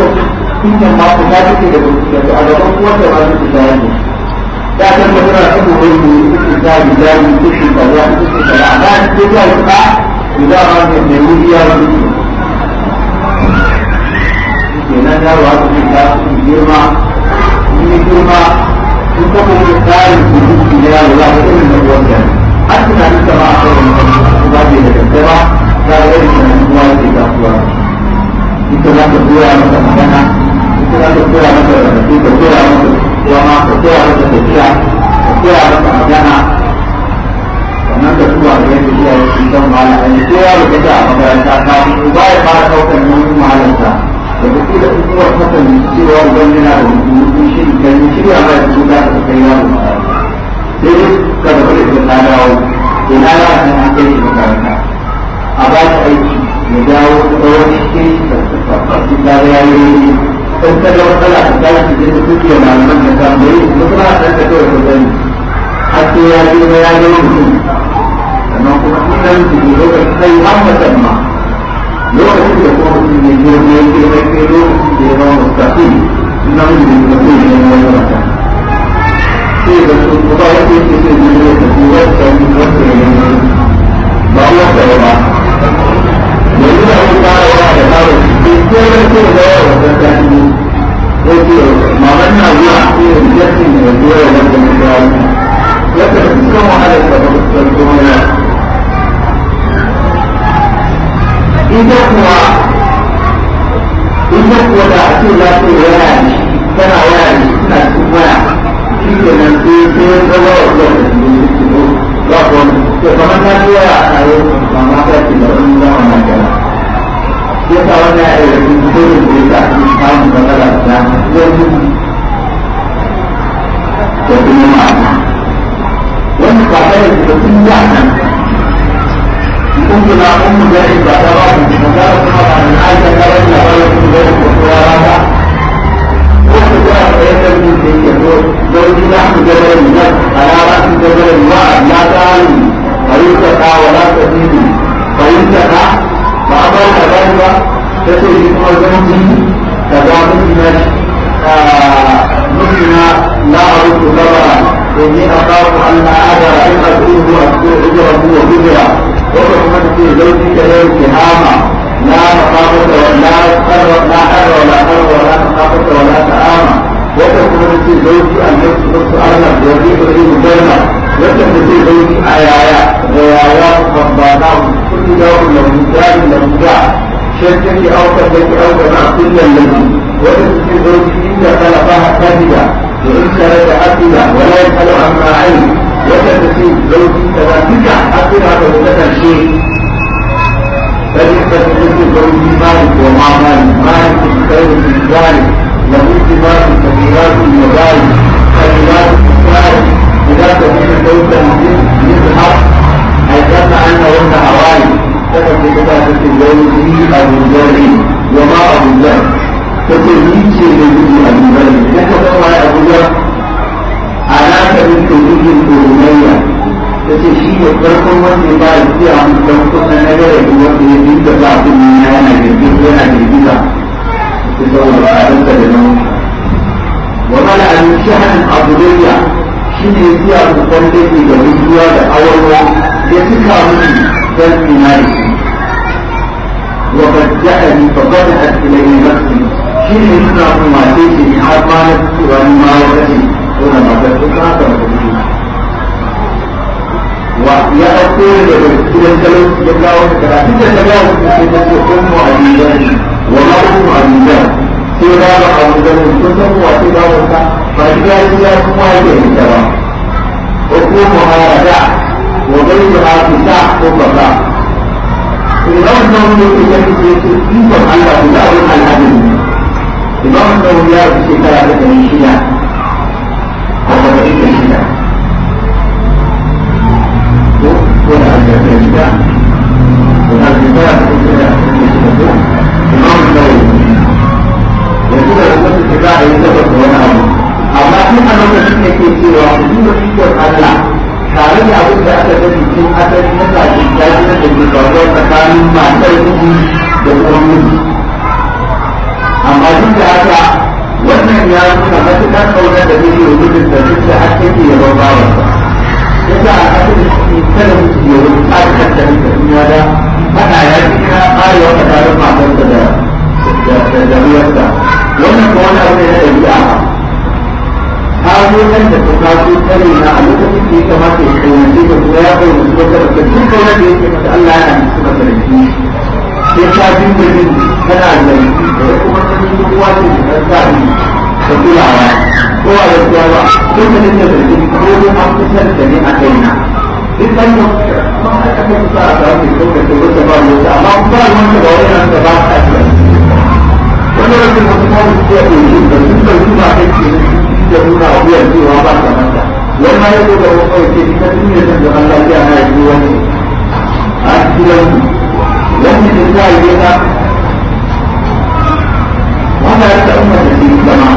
cikin ma ku ta take da yanzu a gaban wanda ba su tsaya ne ya ba tana ta gobe ne su yi jari su shi ya su yi ba ku da ma ne ne yi ke nan da wa su ta su girma girma ko su su ya yi ba ne wanda an tana da ba a ba ne da ba yi da kuma ke kasuwa ita za ta goya mata magana za ka koya masa rubutu ka koya masa kuma ka koya masa tafiya ka koya masa magana sannan ka zuwa da yadda iya yi shi don malami ko ya rubuta ta a makaranta ta ba ya fara ɗaukar nauyin malamta da duk da duk wata hakan cewa idan yana da rubutu shi idan ya shirya ba da tuta ta kai yaro makaranta sai dai ka da bari da ta dawo ina ya san ta kai ta makaranta a ba aiki ya dawo da ɗaukar ke shi da ta faɗi da ya in ka ga matsala ka ga shi da kuke da malaman da ka mai kuma kuma a ɗan ka kawai ka har sai ya ji ya ga mutum sannan kuma in ɗan su ne lokacin sai an ma lokacin da kuma mutum ne ya ne ke mai kai lokacin da ya zama mustafi in na mutum ne ka zai ne sai da su kuma ya ke ce sai ne ya tafi wata wata ne ba wata ba yanzu ìgbé ẹgbẹ́ lọ́wọ́ gbẹgbẹ ni ó ti ọ̀rọ̀ màmá náà wá sí ìjẹ́ sí ìrìnàjò ẹ̀rọ gbẹgbẹ ọ̀hún lọ́sẹ̀ tí wọ́n á lè sọ̀rọ̀ tuntun rẹ̀. Ìjọ kuwa ìjọ kuwa da ake lafi waya ne tana waya ne suna cin waya shi ke nan sai sai zama wa gwamnati ne ya ce ba gwamnati. Ke kamar ta ce waya a yau mama ta ce da wani zama na gaba ya sa wannan ya yi rikicin da ya sa ake samun matsala da wani da kuma mata wani kwata da suka sun yi a nan kuma kun mu gani ba ta ba ku ba za ku kuma ba na aika ta wani labarin kun gani ko kowa ba ba ko ku ga da ya san mun da yake so don ji za ku ga da ruwa a rara ku ga da ruwa na ta hannu a yi ta ta wa na ta fi ne ba yi ta ta ba a ba da bani ba ta ce shi kuma zan ji ka za mu ji na mutum na la'aru ku zaba domin a ba ku an na'ada in a zuwa a cikin ujira ku wa ujira wata kuma ta ce zauki ka yau ki hama na mafafata wa na karwa na karwa na karwa na mafafata wa na ta'ama wata kuma ta ce zauki an yau su allah da wani ƙarfi mujallar wata ta ce zauki a yaya da yaya ku. شركتي أو كذلك أو جماعة كل الذي وتسجد الجديد خلقها كذبة وإنك لتعبدة ولا يسأل عما علم وتسجد زوجي تبارك حتى لا تثبت الشيء فليس تسجد زوجي مالك ومع مالك مالك خير من ذلك له اتباع كبيرات وذلك كبيرات الثالث إذا تكون زوجة من الحق ظن أنهن هواني فقد كتبت اليوم أبو ذر وما أبو ذر فتريد شيء من أبو ذر لكن يا أبو ذر أناك من تريد الأمية فتشيء فرقم وانتباه في عن فرقم نجرة وانتباه في بعض المنانا جديد وانا جديد تتوقع أنت لنوم وملأ من شهر أبو ذر shi ne zuwa da kwanke ne da ruwa da awarwa ya cika musu don imani wa bajja'ani fa bada ilayhi nafsi shi ne suna mun mace ce ni har ma na fitowa ni ma ya kace wannan su ta kasa da kuɗi wa ya ɗauko daga gidan ya kawo kara da ta kawo ta ce ta ce ummu abidani wa ma ummu abidani sai ba ba abidani kun san wa sai ba wata ba gida gida kuma yake ita ba ko kuma muharada wa bai da hafi sa ko baka imam nawawi ne ya ce ce ikon Allah da wani al'adun ne imam nawawi ya ce shekara da ɗari shida a wata ɗari shida ko da aljanna shida ko da aljanna shida ko imam nawawi yanzu da wata shekara ya tabbata wani abu amma duk a lokacin da ke cewa hudu da ikon Allah tare da abin da aka ga cikin asali na da daji da ke faruwa tsakanin matar kudu da kuma miji amma duk da haka wannan ya nuna matuƙar kauna da zai yi rubutun da duk da ake ke yaban bawan sa yasa a ƙasar da suke tara musu yau tsarkar da muka suna da haɗa ya fi kira ƙarewa tsakanin matar da da ruwarsa wannan kuma wani abu ne ɗabi'a abubuwan da suka zo na a lokacin da ya kamata ya kaunace da ya kaunace da kuma duk da yake mata Allah suka da yi da kuma sanin duk wani da ta sa ni da kulawa ko a ba da ko da da ni a duk da ma a kasa kusa a wata ba amma kuma wani da ba a kasa wani da da da nuna wa biyan cewa ba ka manta wani ma ya da wani kawai ce ni ka tuni da zaman lafiya na yi wani a cikin wani da ta yi ka wanda ya ta umar da ke zama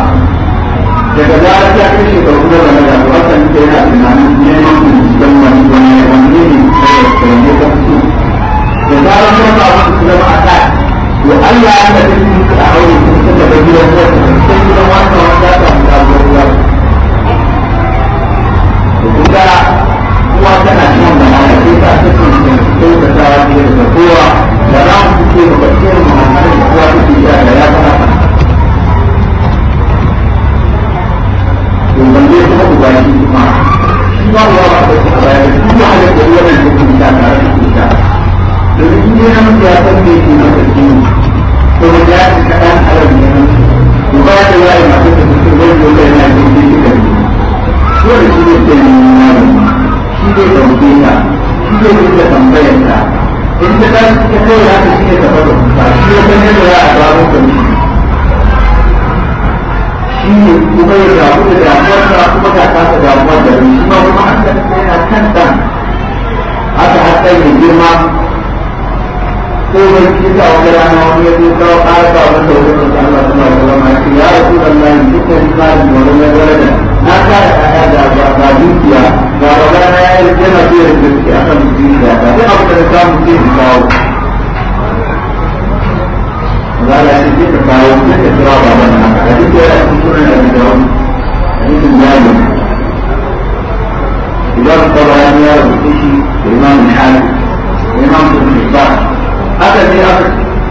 daga zarar ta kai shekaru na balaga to haka ni ta yana tunanin neman mutum wani wani wani ne ne ta yi da ne ka fito da zarar ta ba su zama a ta to Allah ya ta fi a aure ta da gidan wata sai gidan wata wata kuka kuma tana cin da malaki ta cikin kyautatawa ce da kowa da za mu ce ba ba ce mu hankalin da kowa take da da ya fara to ban je kuma ku ba shi kuma shi ba ba sai ka bayar shi ba da ko wannan da kuma ta tare da kuma da shi ne nan ya san da ke na sarki to ya ci kaɗan alamu ne to ba da yayi masu da suke zai zo da yana da dole shi zai tsaye na yamma shi zai ɗauke ta shi zai yi da tambayar ta in ta ɗan ta kawai haka shi ne gaba da kuka shi ya san yadda za a gano ta miji shi ne kuma ya damu da damuwar ta kuma ga ta ta damuwar da shi ma kuma an ta yana kan ɗan haka har ɗan ya girma ko wani kisa wani rana wani ya zo kawo ƙara ba wanda wani Allah suna wani ma ya ce ya rasu da Allah ya dukkan tsarin wani wani wani haka da ba dukiya ba ba ba na yi yana so ya gaske a kan mutum da ba duk abu da ka samu sai ka kawo za a yi sai ka kawo sai ka kira ba ban haka a duk yana cikin sunan da ka kawo a cikin jami idan ka ba ya ya rubuce shi da imam hali imam ibn hibban haka ne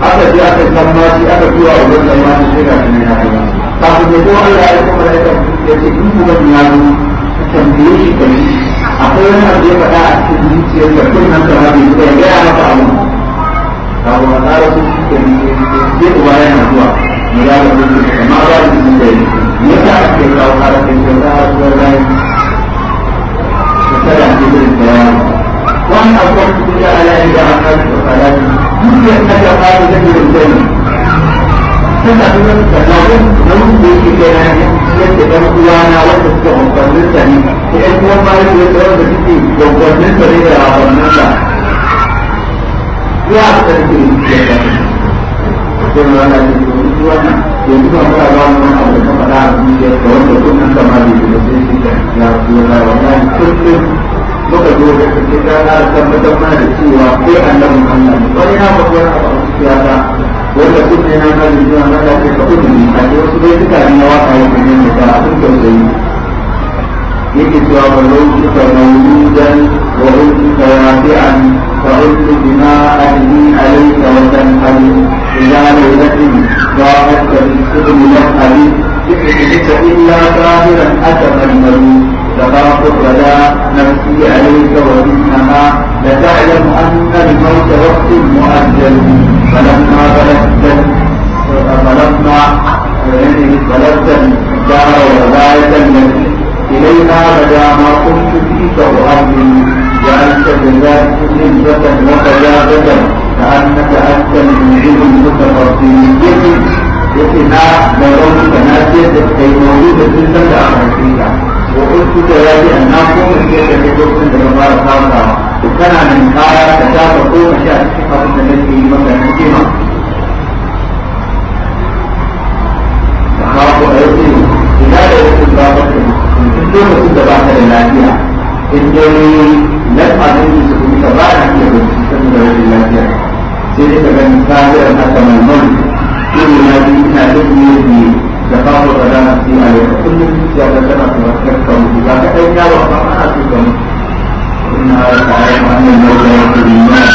aka je aka san ma shi aka tura wa wannan ma shi sai ka tunani haka ba kafin ya zo Allah ya kuma ya yace in uban ya zo ka tambaye shi ka yi akwai wani abu ya faɗa a cikin zuciyar da kun nan kama bai zuwa ya gaya maka abu kafin a tsara su shi ke sai uba yana zuwa ya ga mutum amma ba su sun da yi me yasa ake kawo ƙara kai kai ta har zuwa bayan ta da ke zai da yawa wani abu wani kuma ya ala ya ga aka yi da fara duk yadda ka fara zai yi da kai ne sai ka fi wani da na wani da yake kai na yanzu yadda ɗan uwana wanda suka amfanin sa ne da ɗan uwan bayan da yadda wanda suke gwagwarnin sa ne da rabarnin sa ya ta ke yi ya ta ke don rana da ke wani uwana yanzu ba ba mu wani abu da faɗa a zuciya da wanda kun nan kama da ke da sai shi ya zuwa wannan muka zo da kake ta tabbatar mana da cewa ko annabi Muhammad wani na ba wani abu a zuciya ta wanda duk ne na kan zuwa na da ke kafa da nisa ne wasu dai suka yi na waka yau kan yin da sun tausayi yake cewa ba zai ci ka mawudan wa ulki ka rafi'an fa ulki bima ahli alayka wa san hali ila lailatin ba hatta bisudun lan hali إنك إلا ظاهرا أتمنه لقاط الردى نفسي عليك وإنها لتعلم أن الموت وقت مؤجل فلما بلغ الذي خلقتني الدار والغاية التي إليها بدا ما كنت فيك وأرضي وأنت بذلك نسبة وخلافة كأنك أنت المعيد المتفصيل yake na da raunuka na ce da kai mawuyi da sun san da amurci ka ko kun su da yaji an na koma ce da kai da ba fara kaya ko ba ta duk lokacin da ba ta da lafiya in dai lafa da su kuma ba ta iya bacci saboda rashin lafiya sai dai ka ga tsarin haka mai mai irin na biyu ina duk ne ne da babu tsada na su a yau kullum ya ga tana kuma kakkan mutu ba ka ɗan yawa ba ana su kan ina tare da hanyar mai da wasu rimar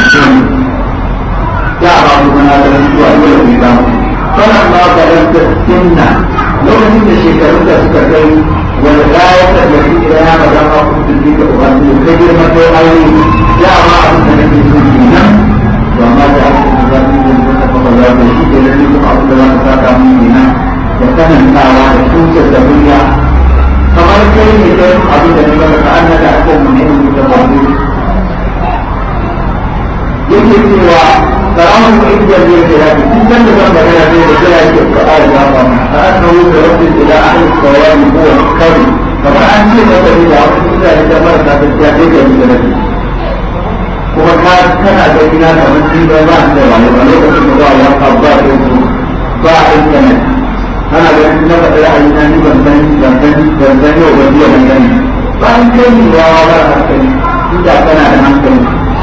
ya ba kuma na da mutuwa yau da ita. Sannan ba ga ɗan sassin lokacin da shekarun da suka kai wani bayan da ya fi kira ya maza ma ku da ji da ubangiji kai girma kai aure ya a abin da nake so ke nan to amma da aka kuma za su yi wani kafa ba za su shi ke nan da za su saka mun ke nan da da tutar da murya kamar kai ne kai abin da ba ka an da aka mun ne da ba yake cewa فرعون إذ الجلاد كم تكون بغير ذي الجلاد القرآن الأعظم فأنه يتردد إلى أهل الصواب هو الكرم فما أنت تدري إلا إذا مرت بالتعديد من ذلك kuma ka tana da gina da mutum da ba da wani ba lokacin da ba ya fabba da su ba a intanet ana da yanzu na faɗi ra'ayi na ni ban san ban ba ba ba ba kana da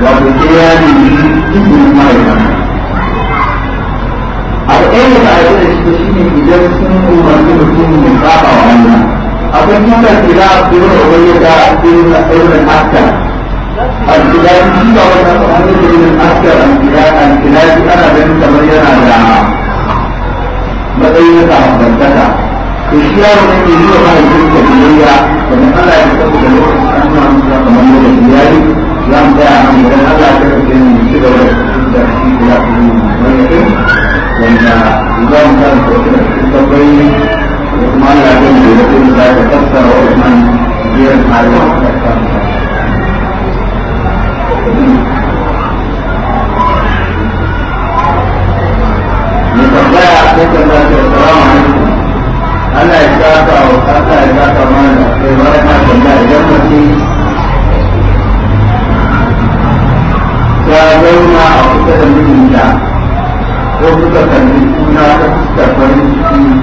wato sai ya nemi izinin ma'aikata abu ɗaya da ba a yi da shi shi ne idan sun umarci mutum ya saba wa Allah akwai tutar da za a tsoro da wani da a tsoro da aure akta a gida shi ba wata kamar da irin akta a a gida ana ganin kamar yana da matsayin da bantaka to shi yaro ne ke yi wa mahaifin da biyayya da Allah ya tabbata lokacin an samu kamar da biyayya za mu tsaya nan idan Allah ya kace mu ci gaba da shi kula da mu wannan wanda za mu kan ko da sabai da kuma Allah ya yi da kuma da ta tsara wannan biyan halwa Allah ya kasa wa kasa ya kasa mana da sai bayan na tambaya idan mutum ya zauna a kusa da mijinta ko suka kalli suna ta fuskar farin ciki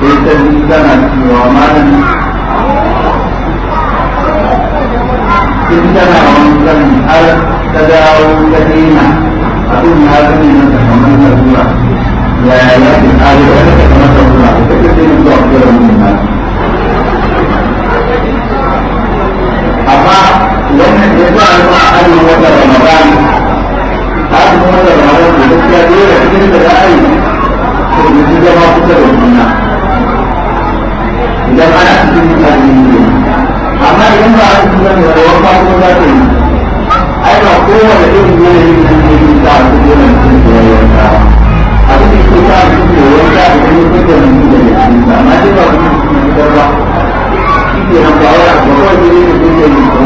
sai ta ji tana cewa malam tun tana wankan har ta dawo ta daina abin ya zama mata kamar na zuwa yaya ya fi tsari wata kamar na zuwa ta ce sai zuwa kusa da mijinta azumin ramadan azumin ramadan da gaskiya cikin da a yi to zama kusa da juna idan ana cikin ne amma idan ba a cikin za ta yi ai ba kowane irin dole ne da ne yi za a cikin cikin da ta da ta da cikin da da ta amma cikin da kenan ba wai abu kawai ne ne da zai yi da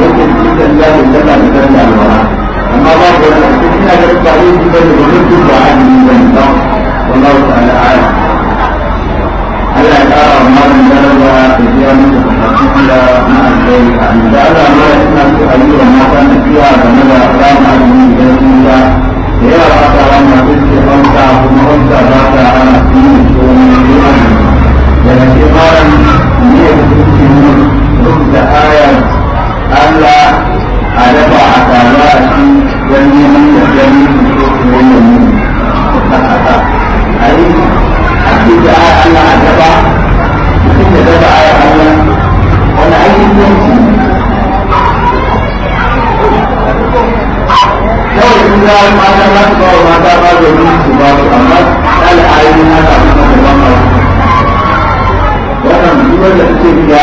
wannan da da dala da dala alwara amma ba ku da su ina da da a yi ba ne ba wallahu ta'ala ala Allah ya ƙara wa malam daraja da biya musu da fasiki da na alheri a ni da Allah suna so a yi wa mata kiwa game da rama idan sun da yawa ba ta duk ke kuma ba ta da shi wani ke ne rubuta ayar Allah a dafa a taru a shi neman da gani su a yi a cikin ayar Allah a dafa mutum da dafa ayar Allah wani aikin kawai sun ga mata ba su ba mata ba domin su ba su amma ba wannan suke biya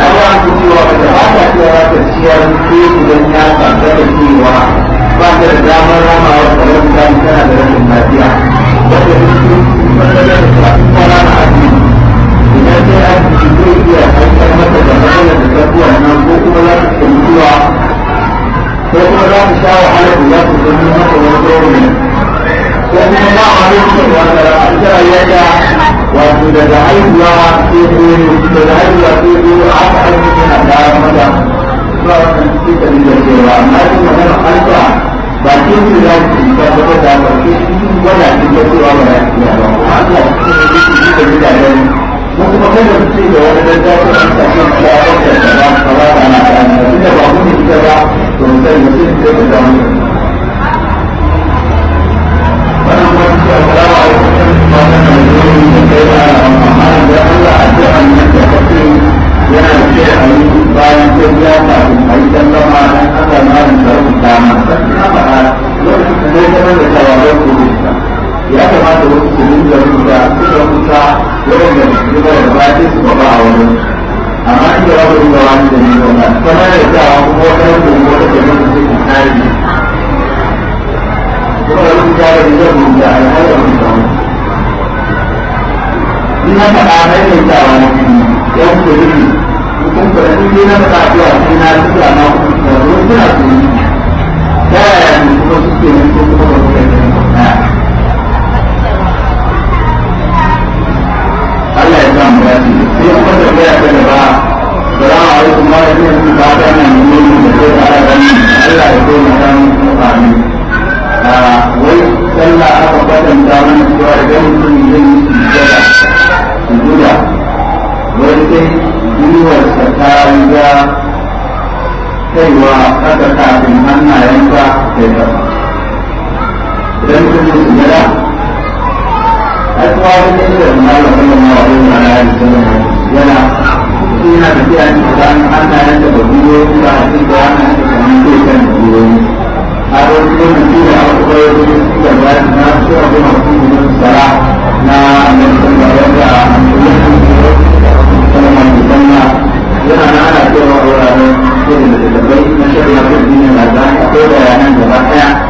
na ya fito wa da ana cewa tafiyar ko idan idan kun yi sujada a kuma wani ne da kuma da kuma ma wani ma na yi yana suna da ne da an ana yadda ba biyo ba a cikin da ana yadda kamar ke kan biyo a wani lokaci da aka kuma yi wani da ba na su a kuma su yi wani sara na amurkan da wanda a amurkan da kuma mai yana na ana cewa wuraren shirin da dabai na shirin da kuma dinin da a kai gaba ɗaya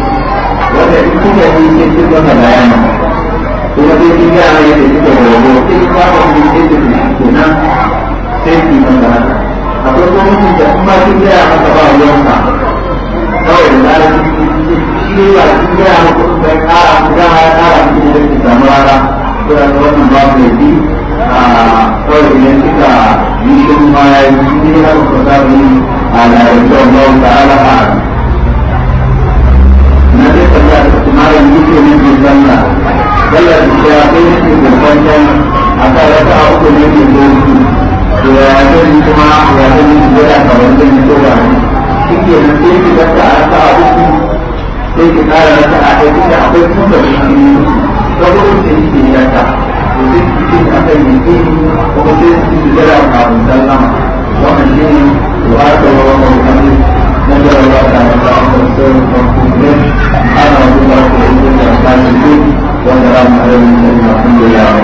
suka yi sai suka bayana kuma sai sun yara yadda suka rogo sai su ba wa mutum yadda su shi kenan sai su yi masa haka akwai kuma mutum da kuma sun yara masa ba ruwansa kawai da tsara shi ba sun yara masa suka yi kara su dama ya kara mutum da su samu rara ko da wannan babu da bi a kawai idan suka yi shi ma ya yi shi ne har su samu a larabta Allah ta'ala a amma yanzu ke nufin sallah sallah su ce akwai nufin gurbantan a kan wata a uku ne ke zo su to ya kuma ya shi ke nan sai ki a a uku sai ki kara a akwai kuma da shi ne sai ki to sai ki ce a ke kuma sai ki wannan shi ne to a Mungkin Allah akan mengatakan Mungkin Allah akan mengatakan Mungkin Allah akan mengatakan Mungkin Allah akan mengatakan